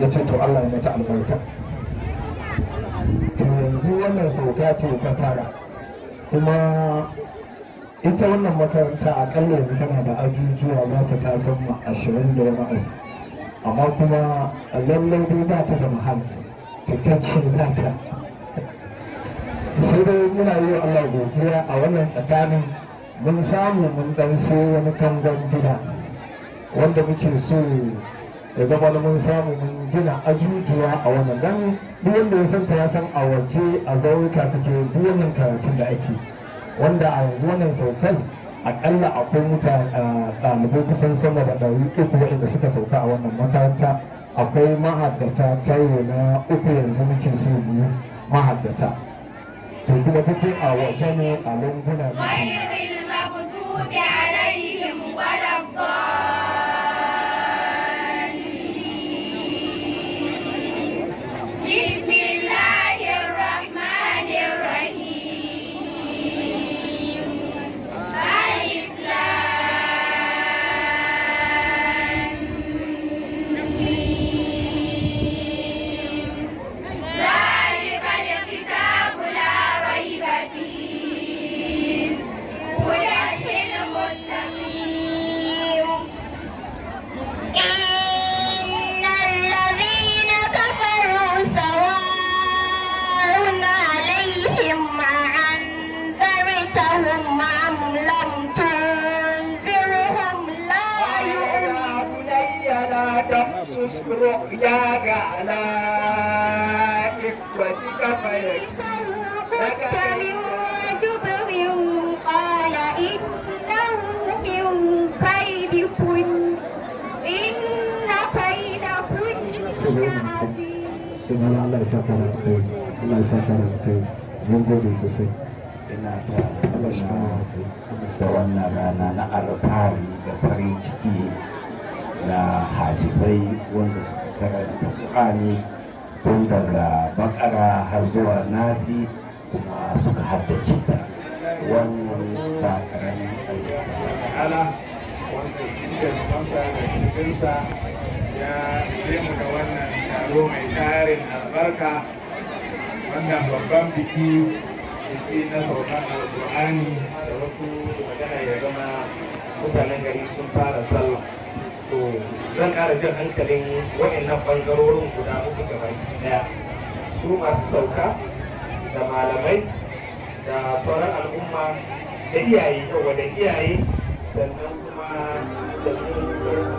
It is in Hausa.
ya ce to Allah ya mata albarka to yanzu wannan sauka ce ta tara kuma ita wannan makaranta akalla yanzu tana da ajujuwa ba su ta ma ashirin da wani abu amma kuma lallai dai ba ta da mahal cikakken nata sai dai muna yi Allah godiya a wannan tsakanin mun samu mun dan sai wani kangon gida wanda muke so ya zama mun samu mun gina ajujuwa a wannan dan duk wanda ya santa ya san a waje a zauka suke duk wannan karatun da ake wanda a yanzu wannan saukas akalla akwai mutane ɗalibai kusan sama da ɗari uku waɗanda suka sauka a wannan makaranta akwai mahaddata kayo na uku yanzu muke so biyu mahaddata to kuma take a waje ne a lunguna muke تقصص رؤياك على إخوتك فيكفي لك من جبر قال إنه من كيدكن إن كيدكن عظيم Allah ya saka da kai Allah ya saka kai ina ta Allah shi wannan rana na alfahari da farin ciki na hadisai wanda suka karanta ƙur'ani tun daga bakara har zuwa nasi kuma suka haddace ta wannan ba ƙaramin ta'ala wanda shi da kansa da shirinsa ya mu da wannan taro mai tarin albarka wannan babban biki biki na sauran alƙur'ani da wasu magana ya zama mutanen gari sun fara sallah zan ƙara jan hankalin waɗannan ɓangarorin guda uku baki ɗaya su masu sauka da malamai da sauran al'umma da iyaye yau da iyaye sannan kuma da